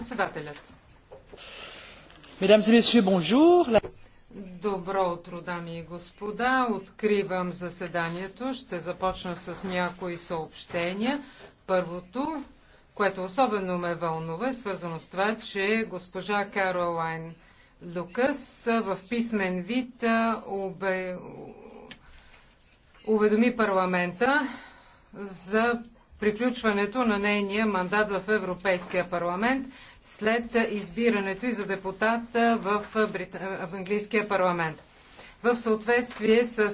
Председателят. Добро утро, дами и господа. Откривам заседанието. Ще започна с някои съобщения. Първото, което особено ме вълнува, е свързано с това, че госпожа Каролайн Лукас в писмен вид обе... уведоми парламента за приключването на нейния мандат в Европейския парламент след избирането и за депутат в, Брит... в Английския парламент. В съответствие с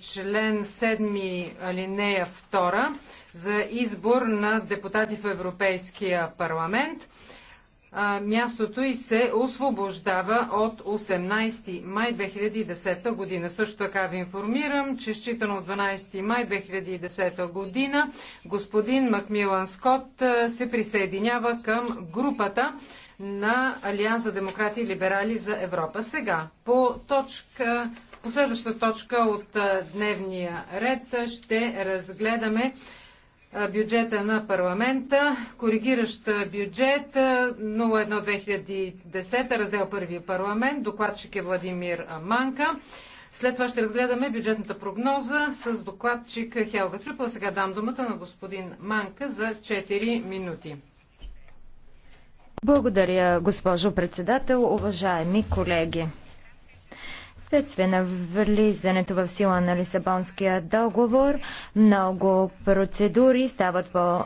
член 7 алинея 2 за избор на депутати в Европейския парламент, мястото и се освобождава от 18 май 2010 година. Също така ви информирам, че считано от 12 май 2010 година господин Макмилан Скот се присъединява към групата на Алиан за демократи и либерали за Европа. Сега по точка Последваща точка от дневния ред ще разгледаме бюджета на парламента, коригиращ бюджет 01-2010, раздел първи парламент, докладчик е Владимир Манка. След това ще разгледаме бюджетната прогноза с докладчик Хелга Трюпа. Сега дам думата на господин Манка за 4 минути. Благодаря, госпожо председател, уважаеми колеги. Следствие на влизането в сила на Лисабонския договор много процедури стават по